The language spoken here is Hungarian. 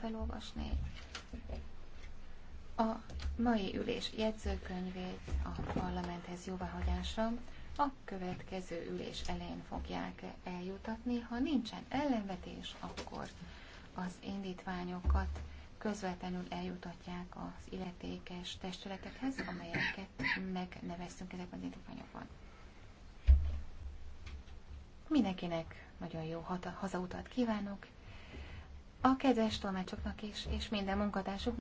felolvasni a mai ülés jegyzőkönyvét a parlamenthez jóváhagyásra a következő ülés elején fogják eljutatni. Ha nincsen ellenvetés, akkor az indítványokat közvetlenül eljutatják az illetékes testületekhez, amelyeket megneveztünk ezekben az indítványokban. Mindenkinek nagyon jó hazautat kívánok, a kedves tanácsoknak is, és minden munkatársuknak.